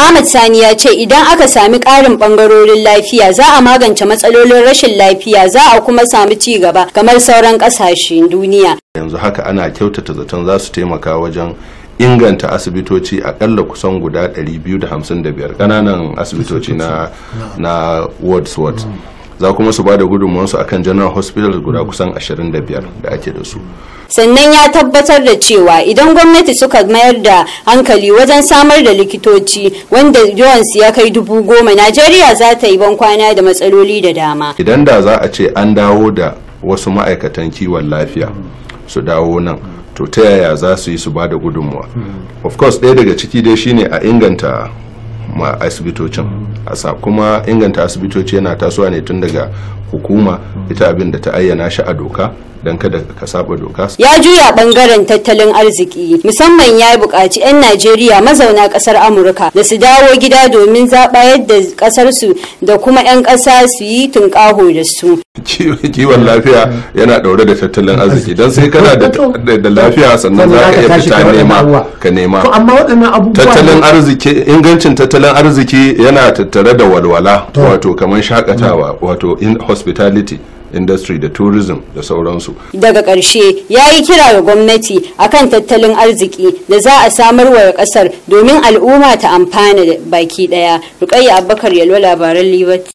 Ahmad Sani ya ce idan aka sami ƙarin ɓangarorin lafiya za a magance matsalolin rashin lafiya za a kuma sami ci gaba kamar sauran ƙasashen duniya. Yanzu haka ana kyautata zaton za su taimaka wajen inganta asibitoci akalla kusan guda 255 ƙananan asibitoci na, na wards wards. za kuma su bada da gudunmuwansu a kan general hospital guda kusan 25 da ake da su sannan ya tabbatar da cewa idan gwamnati suka mayar da hankali wajen samar da likitoci wanda yawansu ya kai dubu goma najeriya za ta yi bankwana da matsaloli da dama idan da za a ce an dawo da wasu ma'aikatan kiwon lafiya su dawo nan to ta yaya za su yi su ba da gudunmuwa hmm. of course ɗaya daga ciki dai shine a inganta ma asibitocin a kuma inganta asibitoci yana tasowa ne tun daga hukuma ita abin da ta ayyana shi a doka don kada ka saba doka. Ya juya bangaren tattalin arziki musamman ya buƙaci 'yan Najeriya mazauna ƙasar Amurka da su dawo gida domin zaɓa yadda ƙasarsu da kuma 'yan ƙasa su yi tunƙaho da su. Kiwon lafiya yana ɗaure da tattalin arziki don sai kana da lafiya sannan za ka iya fita nema ka nema. Tattalin arziki ingancin tattalin tattalin arziki yana tattare da walwala wato kamar shakatawa wato in hospitality industry da tourism da sauransu. Daga ƙarshe ya yi kira ga gwamnati akan tattalin arziki da za a samar wa ƙasar domin al'umma ta amfana baki ɗaya. Rukayya Abubakar Yalwa labaran Liberty.